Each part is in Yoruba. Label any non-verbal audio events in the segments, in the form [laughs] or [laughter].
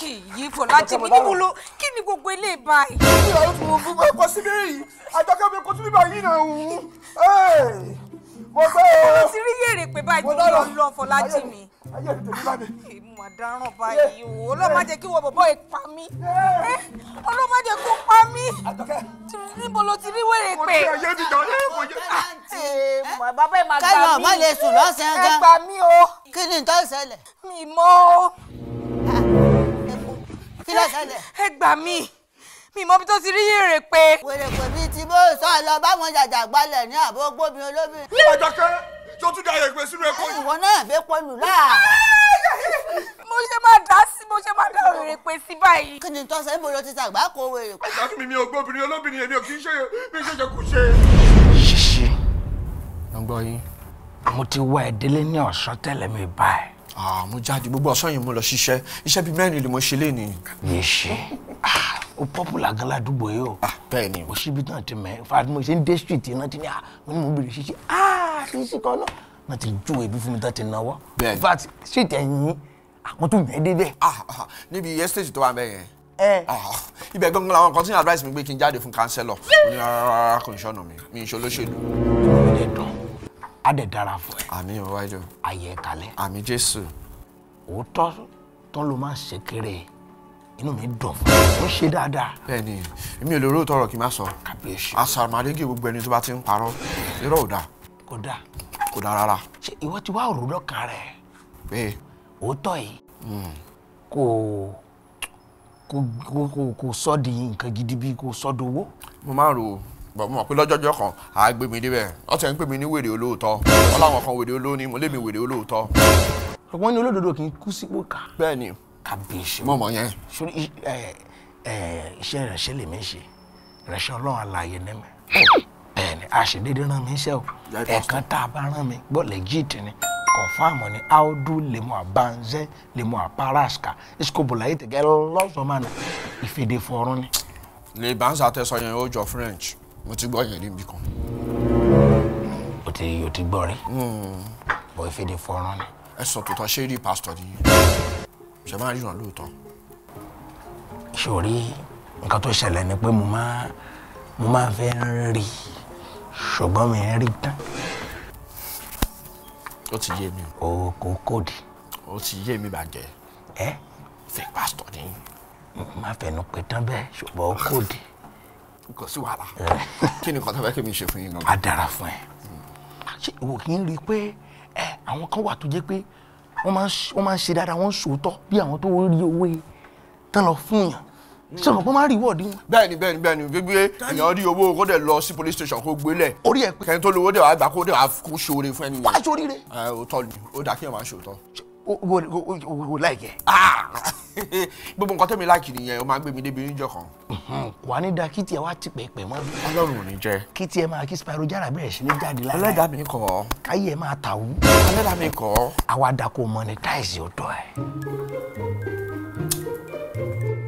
kì í fọlájì mi ní kí ni gbogbo ilé báyìí. kí ló ń fún un fún ẹ̀kọ́ síbí yìí àjọkẹ́ mi kò tún bíbá yìí náà wù ú. mo gbé o. mo ti rí yèrè pé báyìí tó lọ lọ fọlájì mi. ayé mi tèmi lábẹ́. ìmọ̀ àdáràn báyìí o ọlọ́mọ jẹ́ kí wọ́n bọ̀bọ̀ ẹ̀ pa mí. ọlọ́mọ jẹ́ kó pa mí. àjọkẹ́. níbo lo ti rí wèrè pé. mo ti ayé mi jọ ẹ ah, eh, gbà mí o. kí ni ìtọ́ ìṣẹ̀lẹ̀. mi mọ́ kí ló ṣẹlẹ̀. ẹ gbà mí mi mọ bí tó ti rí yèrè pé. wèrè pè mí tí mo sọ lọ báwọn jàjàgbálẹ̀ ní àbó gbómi olómi. àjọkẹ́ tó tún da yẹ̀pẹ̀ sínú ẹ̀kọ́ yìí. ìwọ náà fẹ́ pọnù láà. mo ṣe máa dá sí mo ṣe máa dá wèrè pé sí báyìí. kí ni tọ́sán níbo ló ti tàgbá kó wèrè. ìyá mi mi ò gbóbìnrin olóbìnrin èmi ò kì í ṣe mi ṣe jẹ kú ṣe. ṣíṣe ọgbọ́n yín mo ti wá ẹ̀dẹ́lẹ́ ní ọ̀ṣọ́ tẹ́lẹ̀ mi báyìí Ah, mo jáde gbogbo ọ̀sán yìí mo lọ ṣiṣẹ́ iṣẹ́ bíi mẹ́rin ni mo ṣe léni. yìí ṣe ah, ó popular gan ládùúgbò yìí o. Ah, bẹ́ẹ̀ ni mo ṣíbi náà ti mẹ́ fàdí mo ṣe ń dé street náà ti ní à mo ní mo bèrè ṣíṣe ah ṣíṣe kan náà náà ti ju èébú fún mi tá ti náwó. bẹ́ẹ̀ ni fat street ẹ̀yìn àwọn tó mẹ́ dé bẹ́ẹ̀. níbi estate tó wà bẹ́ẹ̀ yẹn ibẹ̀ gangan làwọn kan tí ń advice mi pé kí n jáde fún kánsẹ́lọ̀ mo ní rárá kò ń ṣọ́nà mi mi ń ṣe á dẹ̀ dára fún ẹ. àmín ìwájú. ayẹ kalẹ̀. àmín jésù. òótọ́ tán ló máa ṣe kéré inú mi dùn fún ọ ó ṣe dáadáa. bẹ́ẹ̀ni èmi ò lè róòtọ ọ̀rọ̀ kí n má sọ kàbíyèsí asàmàlégé gbogbo ẹni tó bá ti ń parọ́ irọ́ ò dáa. kò dáa. kò dáa rárá. ṣé ìwọ ti wá òrùn lọ́kàn rẹ̀. bẹ́ẹ̀. òótọ́ yìí hmm. kò kò kò sọ́ di nǹkan gidi bí kò sọ́ di owó. mo máa ń rò bọ̀ mo mọ̀ pé lọ́jọ́jọ́ kan àá gbé mi débẹ̀ ó ti ń pè mí ní wèrè olóòótọ́ wọ́n láwọn kan wèrè olóòní mo lé mi wèrè olóòótọ́. ọ̀pọ̀ ní olódodo kì í kú sípò ká. bẹ́ẹ̀ kàbíyèsí. mo mọ̀ yẹn. sori iṣẹ́ ìránṣẹ́ lèmi ń ṣe ìránṣẹ́ ọlọ́run alààyè ní mi. bẹ́ẹ̀ ni àṣedédé rán mi iṣẹ́ o ẹ̀ẹ̀kan tá a bá rán mi gbọ́ lẹ́jìtì ni kọ̀fáàmù ni áódú lèmọ̀ àbánzẹ́ lèmọ̀ àpáráṣkà ìṣkòbòlà yìí French mo ti gbọ́ yẹn rí mi kan. o ti o ti gbọ́ rí. Hmm. bọ̀ ìfèdè fọ́nrán ni. ẹ sọ tòótọ́ ṣé rí pásítọ̀ ni ṣe máa ríran lóòótọ́. sórí nǹkan tó ṣẹlẹ̀ ni pé mo máa mo máa fẹ́ rí ṣùgbọ́n mi rí tán. ó ti yé mi. o kò kóòdì. ó ti yé mi bàjẹ́. ẹ fẹ́ pásítọ̀ ni. má fẹnu pé tán bẹ́ẹ̀ ṣùgbọ́n ó kóòdì kò sí wàhálà kí ni nǹkan tó kí mi ṣe fún yín gan. a dára fún ẹ ṣé ìwọ kì í rí i pé ẹ àwọn kan wà tó jẹ́ pé wọ́n máa ń ṣe dáadáa wọ́n ń sòótọ́ bí àwọn tó rí owó yìí tán lọ fún yàn ṣé ọmọ máa rí ìwọ́ọ̀dì wọn. bẹ́ẹ̀ni bẹ́ẹ̀ni bẹ́ẹ̀ni gbígbé èèyàn rí owó kó dẹ̀ lọ sí police station kó gbélẹ̀. orí ẹ pé kẹ́ni tó lówó dẹ̀ wá gbà kó dẹ̀ wá kó ṣoore fún ẹni yẹn. wá ṣoríire. ẹ o tọ́ ni ó dà kí ẹ máa ah! ṣòótọ́. o láì kẹ. [laughs] gbogbo nǹkan tẹ́mi láìkì nìyẹn o máa gbé mi débi oníjọ kan. kò wá ní da kí tiẹ̀ wá ti pẹ̀pẹ̀ mọ́. ọlọ́run ò ní jẹ́. kí tiẹ̀ máa kí Spyro Gyara bẹ̀rẹ̀ sí ní jáde lára. ẹlẹ́dàá mi kọ́. káyé ẹ máa tàwú. ẹlẹ́dàá mi kọ́. àwa da kó monetize ọ̀dọ́ ẹ̀.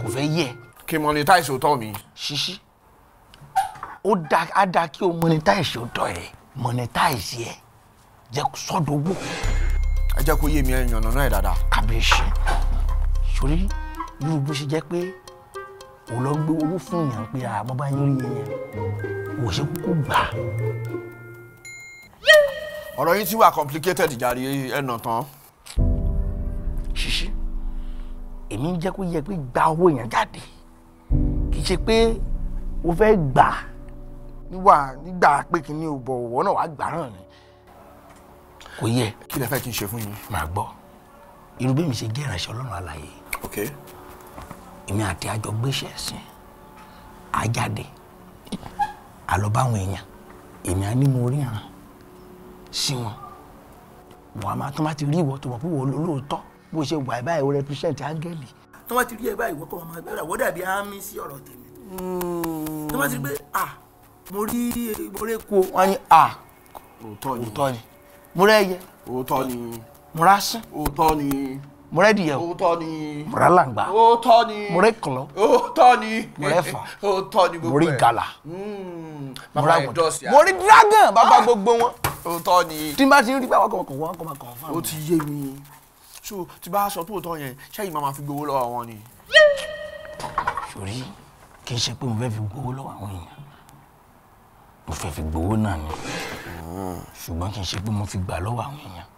kò fẹ́ yẹ. kí monetize ọ̀tọ̀ mi. ṣíṣí ó da á da kí o monetize ọ̀dọ́ ẹ̀ monetize ẹ jẹ́ sọ́dọ̀ owó. ẹ jẹ́ kó yé mi ẹ̀ yànnà náà ẹ̀ dáadáa. kàbíyèsí torí irú bó ṣe jẹ́ pé ò lọ gbé owó fún èèyàn pé ah, àmọ́ bá yín rí yẹn ò ṣe kúkú gbà. ọ̀rọ̀ yìí ti wà complicated jàre ẹ̀nà tán. ṣíṣí èmi ń jẹ́ kó yẹ pé gba owó yẹn jáde kì í ṣe pé o fẹ́ gbà níwà nígbà pé kínní ò bọ̀ ọ̀wọ́ náà wàá gbà náà ni kò yẹ. kí lẹ fẹ́ kí n ṣe fún yín. màá gbọ́ irú bí mi ṣe jẹ́ ìránṣẹ́ ọlọ́run àlàyé èmi àti àjọ gbéṣẹ́ ẹ̀sìn àjáde àlọ́báwọn èèyàn èmi á ní mo rí hàn sí wọn wọn a máa tán bá ti rí ìwọ tó mọ̀ pé wọ́n lóòótọ́ bó ṣe e báyìí ó represent áńgẹ́lì tán bá ti rí ẹ báyìí wọ́n kọ́ ọmọ ẹgbẹ́ rẹ̀ wọ́n dàbí àmì sí ọ̀rọ̀ tèmi hmm. tán bá ti rí ah mo rí mo rí ku wọn ni ah òótọ́ ni mo rẹ́ yẹ òótọ́ ni mo rásán òótọ́ ni mọ̀rẹ́ dìyẹ o mọ̀rẹ́ làǹgbà mọ̀rẹ́ kọ̀lọ́ mọ̀rẹ́ fà mọ̀rẹ́ gàlà mọ̀rẹ́ àgùntàn mọ̀rẹ́ dragon bàbá ah. gbogbo wọn tí n bá ti rí pé àwọn kọ̀ọ̀kan wọn kọ̀ máa fáwọn. ó ti yé mi so tí bá sọ tó tọ́ yẹn ṣẹ́yìn máa fi gbowó lọ́wọ́ wọn ni. sori kì í ṣe pé mo fẹ́ fi gbowó lọ́wọ́ àwọn èèyàn mo fẹ́ fi gbowó náà ni hmm. ṣùgbọ́n kì í ṣe pé mo fi gbà lọ́wọ́ àwọn èèyàn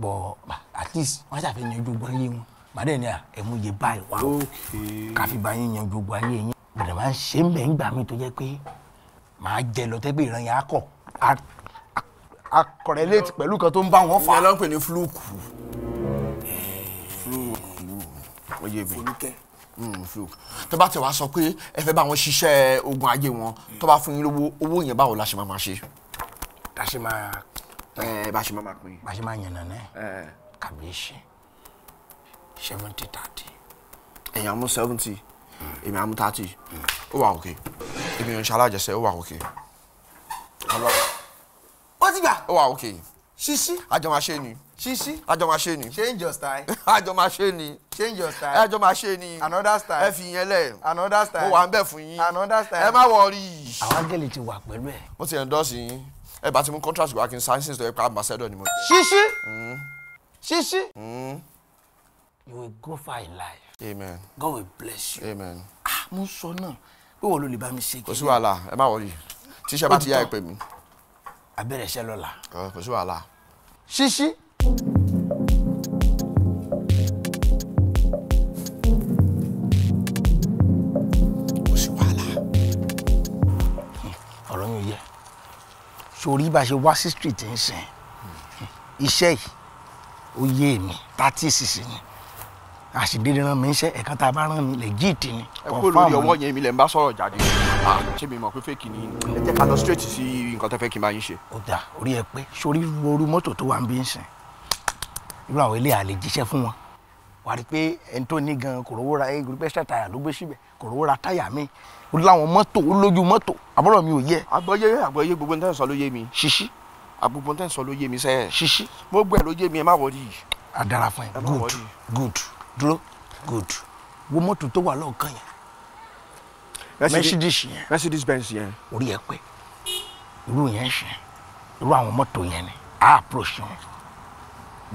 bọ̀ at least wọ́n ṣàfẹ́ yanjú ogun ayé wọn màdé ni ẹ̀mú yé báyìí wá o káfí bá yín yanjú ogun ayé yín bẹ̀rẹ̀ máa ń ṣe ń bẹ̀ ń gbà mí tó jẹ́ pé màá jẹ lọ tẹ́gbẹ́ ìran yẹn akọ akọrẹ́lẹ́tì pẹ̀lú kan tó ń bá wọn fà. ìyá ló ń pè ní fúlùkù. fúlùkù tó bá tẹ̀ wá sọ pé ẹ fẹ́ bá wọn ṣiṣẹ́ ogun ajé wọn tó bá fún yín lówó owó yẹn báwo la ṣe máa máa ṣe. la ṣe máa Eh, bá ṣe máa pín. bá ṣe máa yànnà náà seventy thirty. ẹ̀yin àmú seventy èmi àmú thirty ó okay. òkè èmi ò ń ṣalájẹsẹ ó wà òkè. wọ́n ti gbà. ó wà òkè. ṣíṣí. àjọ máa ṣe ni. ṣíṣí. àjọ máa ṣe ni. change your style. àjọ [laughs] máa ṣe ni. change your style. àjọ máa ṣe ni. another style. ẹ another style. mo wà ń another style. ẹ má wọrí. àwọn gẹ̀lì ti wà pẹ̀lú ẹ̀. mo ti ẹ̀ ń dọ́sìn yín ẹ bá ti mú contract wá kí n sign since tó yẹ pé ambassador ni mo. ṣíṣí hmm. ṣíṣí. Hmm. you will go far in life. amen. God will bless you. amen. ah mo sọ náà pé wọ́n ló lè bá mi ṣe kí. kò sí wàhálà ẹ má wọlé tíṣẹ́ sórí bá ṣe wá sí street ń sìn iṣẹ́ yìí ó yé mi thirty six ni àṣìdédé rán mi ń ṣe ẹ̀kan tá a bá rán mi legit ni. ẹ kó lórí ọwọ́ yẹn mi lè ń bá sọ̀rọ̀ jáde ah, ṣé mi mọ̀ pé fake ni ẹ jẹ́ ká lọ straight sí nǹkan tẹ́ fẹ́ kí n bá yín ṣe. ó dà orí ẹ pé sórí ooru mọ́tò tó wà ń bí ń sìn irú àwọn ilé àlè jíṣẹ́ fún wọn wà á rí i pé ẹni tó ní gan kò ra ẹ gbé táyà ló gbé síbẹ̀ kò ra táyà míì ó láwọn mọ́tò ó lójú mọ́tò àbúrò mi ò yẹ. àgbọ̀yé àgbọ̀yé gbogbo ní tẹ́sán ló yé mi. ṣíṣí. àgbogbo ní tẹ́sán ló yé mi sẹ́yìn. ṣíṣí. mo gbẹ ló yé mi ẹ má wọrí. a dára fún ẹ good good dúró good wo mọ́tò tó wà lọ́ọ̀kan yẹn. mercedes yẹn. mercedes benz yẹn. orí ẹ pé irú yẹn ṣe irú àwọn mọ́tò yẹn ni a approach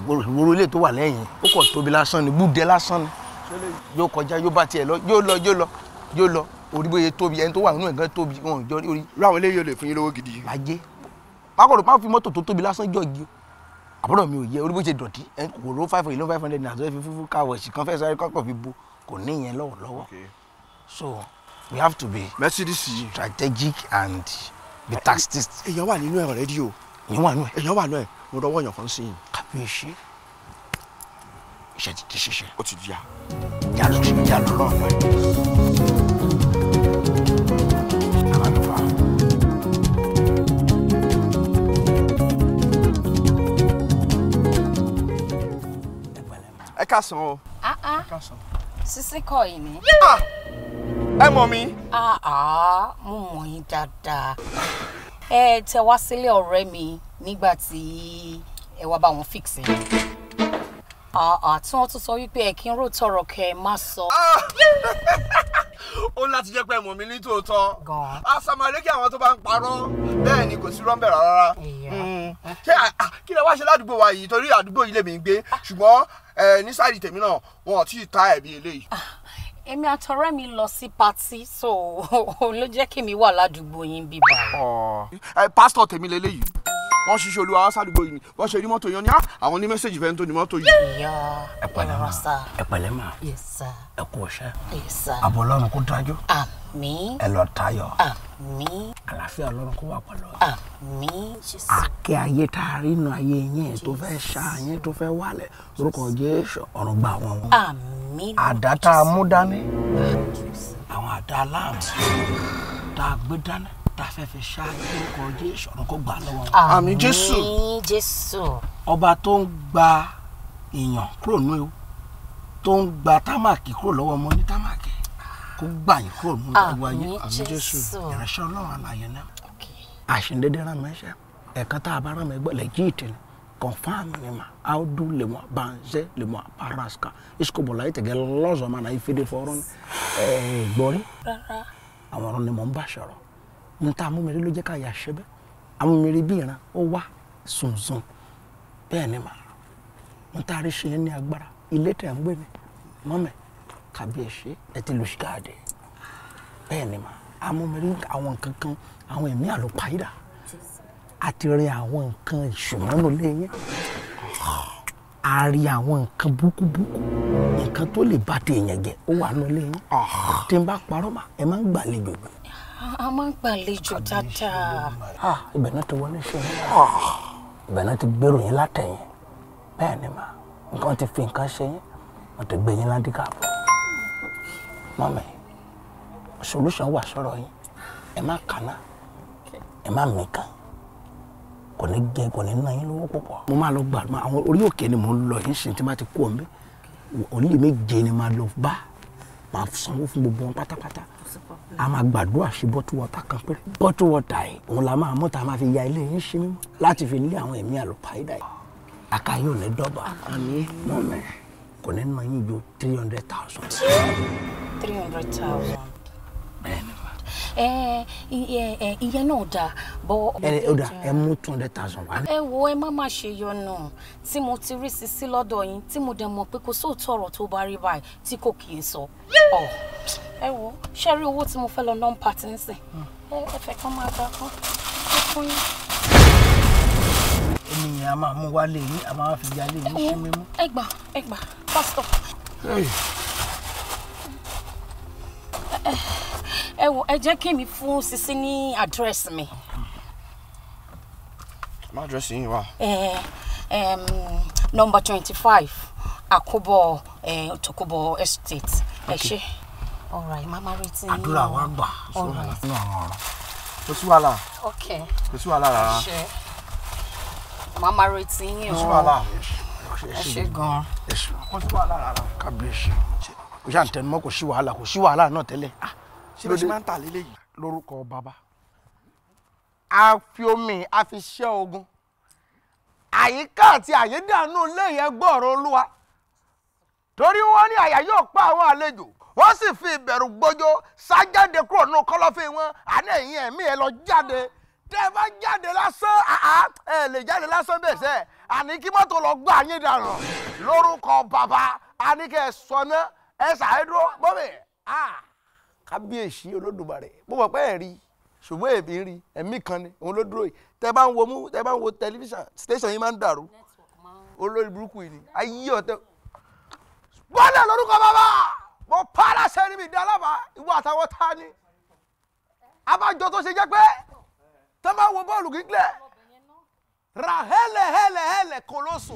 wọn ìwòrò ilé tó wà lẹ́yìn ó kọ̀ tóbi lásán ni gbúdẹ lásán ni yóò kọjá yóò bá tiẹ̀ lọ yóò lọ yóò lọ yóò lọ orí tóbi ẹni tó wà nínú ẹ̀gán tóbi wọn jọ orí. irú eléyìí ò lè fún yín lówó gidi. má jẹ pákọ̀rọ̀ má fi mọ́tò tó tóbi lásán jọ igi àbúrò mi ò yẹ orí ṣe dọ̀tí kò ló five hundred five hundred naira fi fúfú káwọ̀ ẹ̀sìn kan fẹ́ sáré kọ́kọ́ fi bo kò ní ìyẹn lọ́wọ́lọ́wọ́ so we have to be Mercedes strategic and be tactist. èèyàn wà nínú ẹ̀ already èèyàn wà nínú ẹ̀. mo dọwọ́ èèyàn kan sí i. kàbíyèsí iṣẹ́ ti ya. yàrá kásán o. Ah, ah. sisi kọ yìí ni. Ah! ẹ mọ̀ mi. mo mọ̀ yín dáadáa. ẹ tẹ wá sílé ọ̀rẹ́ mi nígbà tí ẹ wá bá wọn fix ẹ tí wọ́n tún sọ wípé ẹ kí n rò tọrọ kẹ ẹ má sọ. [laughs] ó láti jẹ́ pé ẹ̀mọ̀ mi ní tòótọ́ àsàmàlékè àwọn tó bá ń parọ́ bẹ́ẹ̀ ni kò sí rọ́ńbẹ̀ rárá hmm. kí lè wá ṣe ládùúgbò wa yìí torí àdúgbò yìí lèmi ń gbé ṣùgbọ́n ẹ ní sáàdì tèmi náà wọn ò tí ì ta ẹ̀mí eléyìí. Ah, èmi àtọ̀rẹ́ mi lọ sí patí so [laughs] ló jẹ́ kí mi wà ládùúgbò yín bíbá. ẹ pásítọ̀ tèmi lélẹ́yìí wọ́n ṣiṣẹ́ olúwa sádùúgbò yìí wọ́n ṣe rí mọ́tò yẹn ní ah, àwọn ní mẹ́sẹ̀gì fẹ́ ń tó ní mọ́tò yìí. ìyá ẹ pẹ̀lẹ́ ma ẹ pẹ̀lẹ́ ma ẹ kú ọṣẹ àbọlọrun kó dájú. àmì àmín ẹ lọ tayọ̀ àlàáfíà ọlọ́run kó wà pẹ̀lú ọ àkẹ́ ayé tá a rí inú ayé yẹn tó fẹ́ ṣá yẹn tó fẹ́ wálẹ̀ orúkọ Jésù ọ̀run gba àwọn wọn àmín àdá tá a mú dání àwọn àdá aláàmì tá a gbé dání tá a fẹ́ fi ṣá orúkọ Jésù ọ̀run kó gbà lọ́wọ́ wọn. àmín Jésù ọba tó ń gba èèyàn kúrò nínú ewu tó ń gba támàkì kúrò lọ́wọ́ ọmọ ní támàkì kó gbà yín kúrò nínú ìwà ah, àmì jésù ìránṣẹ́ ọlọ́run àlàyé náà àṣìndédé rán mi ṣe ẹ̀kan tá a bá rán mi gbọ́ ni ma audu le mo banze le mo paraska isko bola mana ifide foron àwọn ni bá ló ká ya bi ó sunsun ni ma rí ṣe ní agbára ilé ń gbé kábíyèsí ẹ ti lu ṣígáàdì bẹ́ẹ̀ ni mà amúmẹ́rí àwọn nǹkan kan àwọn ẹ̀mí àlùpàyídà àti rin àwọn nǹkan ìṣùmọ́nù lẹ́yìn a rí àwọn nǹkan búkúbúkú nǹkan tó lè bá tèèyàn jẹ ó wà nù lẹ́yìn tí n bá parọ́ mà ẹ máa ń gbàlejò gbà. a máa ń gbàlejò dáadáa. ibẹ̀ náà ti wọlé ṣe é ibẹ̀ náà ti gbèrò yín látẹ̀yìn bẹ́ẹ̀ ni mà nǹkan ti fi nǹkan ṣe yín wọ́n ti gbé yín ládìgàbọ̀ mọ́mì solution wa sọ̀rọ̀ yín ẹ má kànáà ẹ má mìkan kò ní gẹ kò ní ná yín lówó púpọ̀. mo máa lọ gbàdúrà àwọn orí òkè ni mò ń lọ yín sìn tí má ti kú ọ̀nbí onílé méje ni máa Ba bá máa sanwó fún gbogbo wọn pátápátá a máa gbàdúrà sí bọ́tú wọ́tà kan péré bọ́tú wọ́tà yìí òun la máa mú tá a máa fi ya ilé yín sí mímọ́ láti fi lé àwọn ẹ̀mí àlùpàídà yìí àká yóò ní dọ́gba mọ́mẹ́ kò ní ná yín ju three hundred thousand three hundred thousand. ìyẹn eh, eh, eh, náà dáa bọ́. ẹ ó dáa ẹ mú two hundred thousand wá. ẹ wo ẹ má má ṣe yọnu tí mo ti rí sisi lọ́dọ̀ yín tí mo dẹ̀ mọ̀ pé kò sóòótọ́ ọ̀rọ̀ tó bá rí báyìí tí kò kì í sọ. Oh. ẹ wo ṣe rí owó tí mo fẹ́ lọ nọ́ńpà tí ń sìn hmm. ẹ fẹ́ kán máa gbà kán ó fún yín ènìyàn a máa mú wálé yín a máa fi yálé yín sí mímú. ẹ gbà ẹ gbà pásítọ̀. ẹ wò ẹ jẹ́ kí mi fún Sisi ní àdírẹ́sì mi. má àdírẹ́sì yín wà. nọmba twenty five àkóbọ̀ Tokobo estate ẹ ṣe ọ̀rọ̀ ẹ̀ máma retí ní àdúrà wa gbà ọ̀rọ̀ ẹ̀ nínú àwọn ọ̀rọ̀ kò sí wàhálà kò sí wàhálà rárá máma retí yín o kò sí wàhálà ẹ ṣe gan-an kò sí wàhálà rárá kábíyèsí kò sí àǹtẹnumọ́ kò sí wàhálà kò sí wàhálà náà tẹ́lẹ̀ ah ṣé bí ṣe máa ń tà lélẹ̀ yìí. lórúkọ bàbá a fi omi a fi ṣẹ́ ogun àyíká àti àyédànù lẹ́yìn ẹgbọ́ọ̀rọ̀ olúwa torí wọ́n ní àyà yóò pa àwọn àlejò wọ́n sì fi ìbẹ̀rù gbójó sájáde kúrò nínú kọ́lọ́fín wọn àná ẹ̀yìn ẹ̀mí ẹ̀ lọ jáde tẹ́ ẹ bá jáde lásán ẹ lè jáde lásán bẹ́ẹ̀ sẹ́ àní kí mọ́tò lọ gbọ́ àyín dànù lórúkọ bàbá àní sọ ná ẹ sàáyé bọ́mì kábíyèsí olódùmarè mo mọ̀ pé ẹ̀ rí ṣùgbọ́n èmi rí ẹ̀mí kan ni òun ló dúró yìí tẹ bá ń wo mú tẹ bá ń wo tẹlifíṣàn station yìí máa ń dàrú olórí burúkú yìí ni ayé ọ̀tẹ bọ́lẹ̀ lórúkọ bàbá mo para sẹ́ni mi dálábà ìwọ àtàwọn ta ni abájọ tó ṣe jẹ́ pé tẹ bá wo bọ́ọ̀lù gíglẹ̀ ra hẹ́lẹ̀ hẹ́lẹ̀ hẹ́lẹ̀ koloso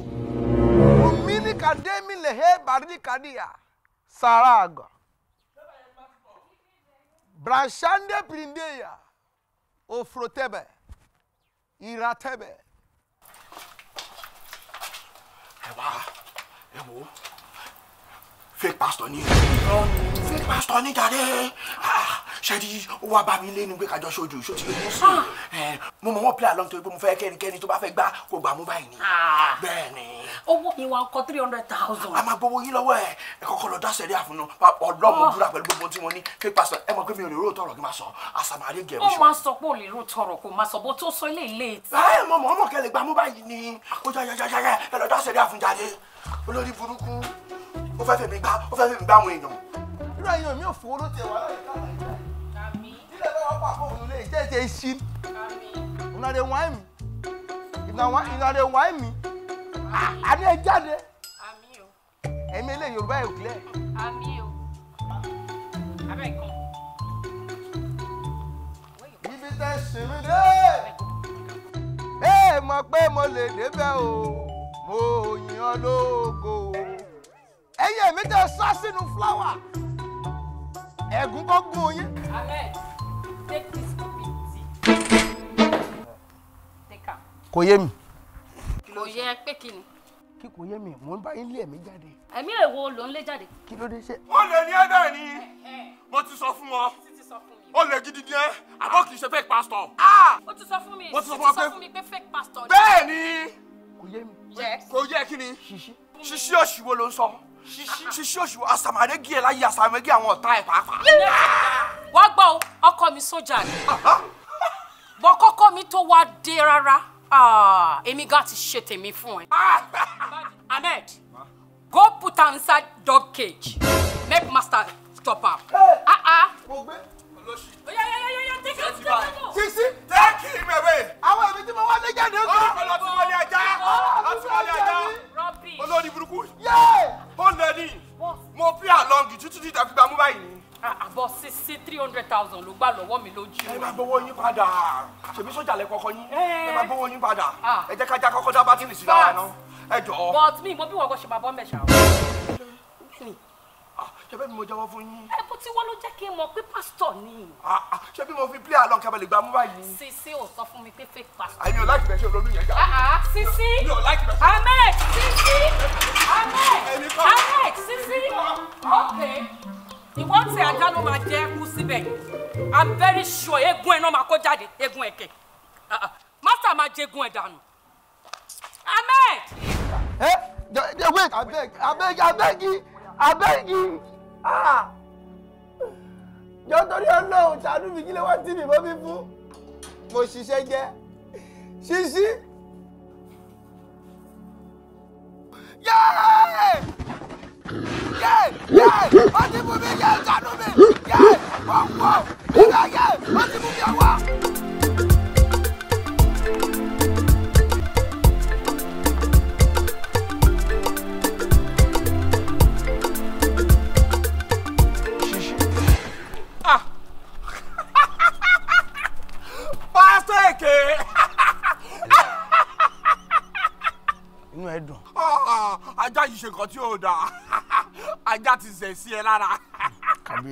omi ní kàdémi lè hẹ́ bàrí ní kàdíyà sàrà àgọ̀ brashande prindeya ofrotebe iratebe. ẹ wá ẹ wò ó fake pastor ni fake pastor ni jáde. Ah ṣáàdì ó bá mi lé ní pé kájọ ṣojú ṣó ah. mo mọ wọn play along torí pé mo fẹ́ kẹ́nikẹ́ni tó bá fẹ́ gbá kó gbà mú báyìí ni ah. bẹ́ẹ̀ ni. owó mi wà ọkọ three hundred thousand. a máa gbowó yín lọ́wọ́ ẹ̀ kọ́kọ́ lọ dáṣẹ̀ rí àfúnná ọlọ́mọ dúrà ah. pẹ̀lú gbogbo tí mo ní kí pásítọ̀ ẹ mọ̀ pé mi ò lè ró tọrọ kí máa sọ àsàmàlẹ́ gẹ̀ ó máa sọ pé ò lè ró tọrọ kó ilé bá wà pàpọ̀ òun lè jẹ́ ìṣe ìṣin una dey whine me una dey whine me àní ẹ jáde ẹ̀mí ilé yorùbá ẹ̀ òkìlẹ̀. ibi tẹ sinmi dé ẹ mọ̀ pé mo lè débẹ̀ o mo yìn ọ́ lógo ẹ̀yin èmi tẹ sá sínú fúláwà ẹ̀gún kó gún yín. amen take this stupid tea. Take am. Kò yé mi. Kò yẹ pé kí ni? Kí kò yé mi, mò ń bá yín lé ẹ̀mí jáde. Ẹ̀mí èwo ló ń lé jáde? Kí ló dé ṣe? Ó lè ní ẹ̀dá ni. Mo ti sọ fún wọn. Ó lè gidi gan. Àbọ̀ kì í ṣe fake pastor. Ah! Ah! Ó ti sọ fún mi. Mo ti sọ fún mi pé fake pastor. Bẹ́ẹ̀ ni. Kò yé mi. Kò yẹ kí ni? Ṣíṣí. Ṣíṣí òṣìwò ló ń sọ ṣíṣí òṣù àsàmàrégì ẹ̀ láyé àsàmàrégì àwọn ọ̀tá ẹ̀ pàápàá. wá gbọ́ o ọkọ mi sójà ni bọ́ kọ́kọ́ mi tó wá dé rárá ah, èmi gan ti ṣe tèmi fún ẹ. ahmed go put inside dog cage make master stop am. Ah, ah. mo bọ́ sixty three hundred thousand ló gbà lọ́wọ́ mi lójú. ẹ máa gbowó yín padà ṣèbí sójà lẹ kọ́kọ́ yín eh. ẹ máa gbowó yín padà ah. ẹ jẹ́ ká já kọ́kọ́ dá bátìrì sí lára náà ẹ jọ̀ọ́. but mi mo bí wọn kọ ṣe máa bọ́ mẹ́ṣà o. Ah, ṣebí mo jẹ́wọ́ fún yín. ẹ bó tí wọ́n ló jẹ́ kí n mọ̀ pé pásítọ̀ ni. Ah, ṣebí mo fi play along kábàlì gba múbà yìí. sisi ò sọ fún mi pé fake pastor. àyìn ò láì bẹ̀ ṣe olómi yẹn jà. sisi ahmed sisi ahmed ahmed sisi ok ìwọ ń ajá ló máa jẹ kú síbẹ̀ i'm very sure eegun ẹ̀ náà máa kó jáde eegun ẹ̀kẹ́ ah, ah. master máa jẹgun ẹ̀ dànù ahmed. ẹ eh, ẹ wait abeg abeg abeg yi abeg yi ah jọ torí Ọlọ́run ṣàánú mi kí lè wá tì mí bọ́ mi fún mo ṣiṣẹ́ jẹ́ ṣíṣí. Yeah! yé yé wọ́n ti mú mi yé ìjànú mi yé wọ́n wọ́n mi lọ yé wọ́n ti mú mi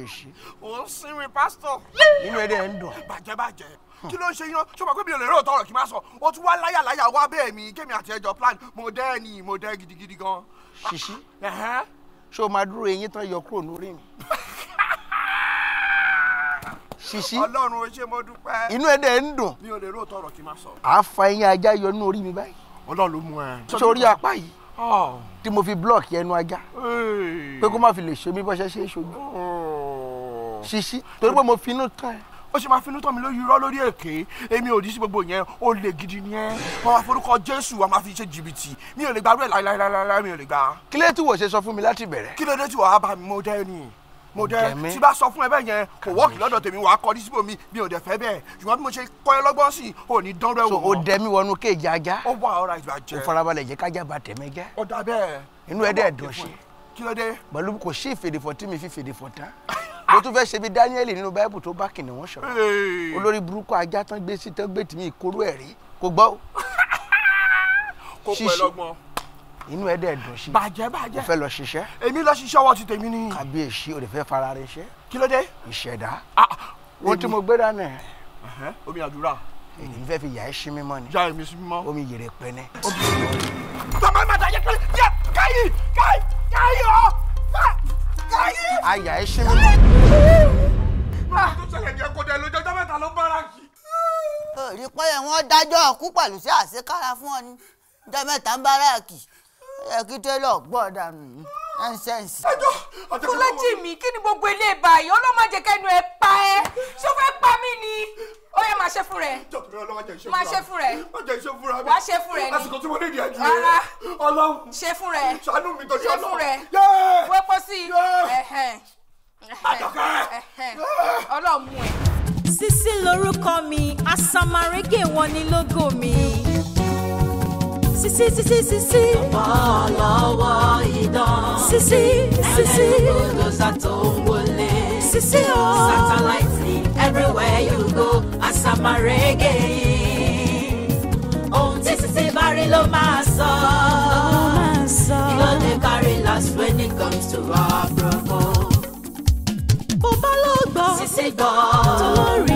ṣe. ò ń sinmi pásítọ̀. nínú ẹ̀dẹ̀ ń dùn. bàjẹ́ bàjẹ́ kí ló ń ṣe yín ṣọba pé mi ò lè rí òótọ́ ọ̀rọ̀ kí n má sọ o tún wá láyà láyà wá bẹ́ẹ̀ mi kémi àti ẹjọ́ plan mo dẹ́ ni mo dẹ́ gidigidi gan. ṣíṣí ah, ṣé o máa dúró eyín tán yọ kúrò lórí mi. [laughs] ṣíṣí ọlọ́run o ṣe mo dúpẹ́. inú ẹ̀dẹ̀ ń dùn. mi ò lè rí òótọ́ ọ̀rọ̀ kí n má sọ. à á fa eyín ajá yọ nínú orí mi báyìí. ọlọ́run ló mú ẹ. sórí apá yìí ah. tí mo fi blọọkì ẹnu ajá pé kó má fi lè ṣe mí bọ́ṣẹ́ ṣíṣí torí pé mo finú tán ẹ ó ṣe máa finú tán mi lórí irọ́ lórí èké èmi ò rí sí gbogbo yẹn ó lè gidi ni ẹ wọn máa forúkọ jésù wọn máa fi ṣe jìbìtì mi ò lè gba rẹ láíláíláíláí mi ò lè gba. kí ló tí wò ṣe sọ fún mi láti bẹ̀rẹ̀. kí ló tí wò á bá mi mo dẹ́ ni mo dẹ tí bá sọ fún ẹ bẹ́ẹ̀ yẹn kò wọ́ọ̀kì lọ́dọ̀ tèmi wàá kọ́ dísìbò mi mi ò dẹ̀ fẹ́ bẹ́ẹ̀ ṣùgbọ́n bí mo ṣe kọ́ ẹ lọ́gbọ́n sí ò ní dánrọ́ ẹ̀wọ̀n. so o dẹ mi wọnú kéèjì ajá. ó wà ọ̀rọ̀ ìgbà jẹ. o farabalẹ̀ jẹ́ kájà bá tẹ̀mẹ́ jẹ́. ó dà bẹ́ẹ̀. inú ẹ dẹ̀ dùn ṣe. kí ló dé. pẹ̀lú kò sí ìfèdèfọ̀ tí mi fi fèdèfọ̀ tán. [laughs] ó tún fẹ́ẹ́ ṣe bí Daniel nínú báíbù tó bá kìnìún sọ̀rọ̀ olórí burúkú ajá tán gbé sí tán gbé tì mí ìkóró ẹ̀ rí kò gbọ́ o. kó pẹ́ lọ́gbọ́n. inú ẹ̀ dẹ̀ dùn sí. bàjẹ́ bàjẹ́ mo fẹ́ lọ ṣiṣẹ́. èmi lọ ṣiṣẹ́ ọwọ́ ti tèmi ni. kàbíyèsí o lè fẹ́ fara rẹ ṣe. kí ló dé. ìṣẹ̀dá. Ah, ohun tí mo gbé dání. omi àdúrà. èyí fẹ́ fi yà ẹ́ sí mímọ́ ni. yà èmi sí mímọ́. omi yèrè pẹ́ẹ́nẹ́. tọ́mọ́ ìmọ̀ àyà ẹ ṣe mí. báwo tó ṣẹlẹ̀ ní ẹ̀kọ́ dẹ lójó ọjọ́ mẹ́ta ló bára kì. rí pé wọ́n dájọ́ ọ̀kú pẹ̀lú sí àṣekára fún ọ ní ọjọ́ mẹ́ta ń bára kì ẹ kí tẹ́lọ̀ gbọ́ dànù nonsense. Bọ́lájì mi kí ni gbogbo ilé ìbàyí ọlọ́mọ jẹ́ kẹ́nu ẹ pa ẹ́ ṣó fẹ́ pa mí ni ó yẹ máa ṣe fún rẹ. máa ṣe fún rẹ. máa jẹ iṣẹ́ fúnra mi. wàá ṣe fún rẹ ni. àsìkò tí mo ní ìdíyàjú rẹ. ọlọ́run ṣe fún rẹ. ṣàánú fún rẹ. wẹ́ Ah! ọlọ́mú ẹ̀. Sisi lorúkọ mi asamarege wọn ni lógo mi. Sisi sisi sisi. ọ̀pọ̀lọwọ́ idán. Sisi sisi. ẹlẹ́gbọ̀lọ́sà tó ń wọlé. Sisi o. Satellite everywhere you go asamarege yìí. ohun tí Sisi bá rí ló máa sọ. ló máa sọ. he no dey carry last when it comes to our broko. Savior.